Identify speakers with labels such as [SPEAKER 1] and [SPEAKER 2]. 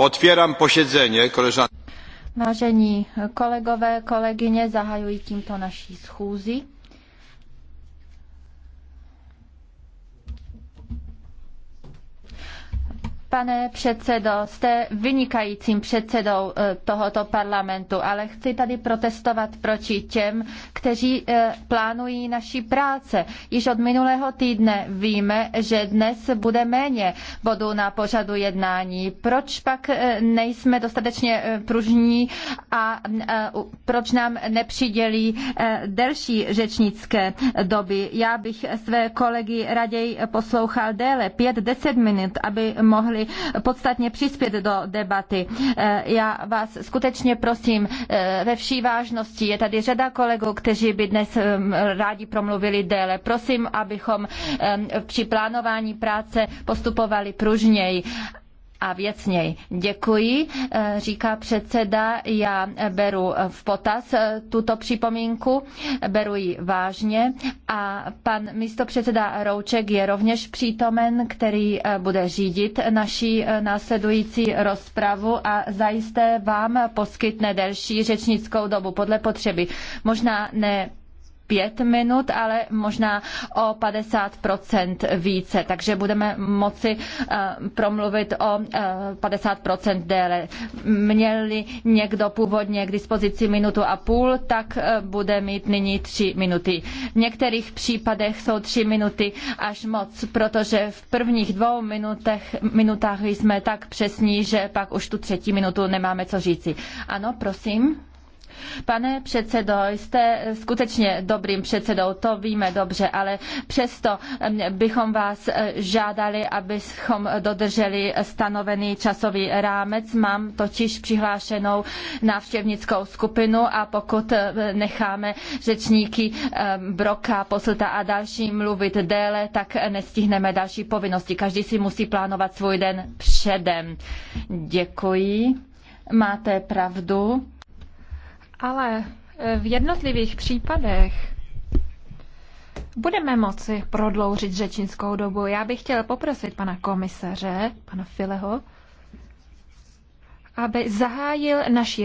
[SPEAKER 1] Otvírám pošedzeně, koleżanki. Vážení kolegové, kolegyně, zahajuji tímto naší schůzi. Pane předsedo, jste vynikajícím předsedou eh, tohoto parlamentu, ale chci tady protestovat proti těm, kteří eh, plánují naši práce. Již od minulého týdne víme, že dnes bude méně bodů na pořadu jednání. Proč pak eh, nejsme dostatečně pružní a proč nám nepřidělí delší řečnické doby? Já bych své kolegy raději poslouchal déle, pět, deset minut, aby mohli mohli podstatně přispět do debaty. E, já vás skutečně prosím e, ve vší vážnosti, je tady řada kolegů, kteří by dnes e, rádi promluvili déle. Prosím, abychom při plánování práce postupovali pružněji a věcněji. Děkuji, eh, říká předseda. Já beru v potaz eh, tuto připomínku, beru ji vážně a pan místopředseda Rouček je rovněž přítomen, který eh, bude řídit naší následující rozpravu a zajisté vám poskytne delší řečnickou dobu podle potřeby. Možná ne pět minut, ale možná o 50 více, takže budeme moci eh, promluvit o 50 eh, déle. Měli někdo původně k dispozici minutu a půl, tak eh, bude mít nyní tři minuty. V některých případech jsou tři minuty až moc, protože v prvních dvou minutech, minutách jsme tak přesní, že pak už tu třetí minutu nemáme co říci. Ano, prosím. Pane předsedo, jste skutečně dobrým předsedou, to víme dobře, ale přesto bychom vás eh, žádali, abychom dodrželi stanovený časový rámec. Mám totiž přihlášenou návštěvnickou skupinu a pokud eh, necháme řečníky Broka, Poslta a další mluvit déle, tak nestihneme další povinnosti. Každý si musí plánovat svůj den předem. Děkuji. Máte pravdu. Ale eh, v jednotlivých případech budeme moci prodloužit řečnickou dobu. Já bych chtěl poprosit pana komisaře, pana Fileho, aby zahájil naší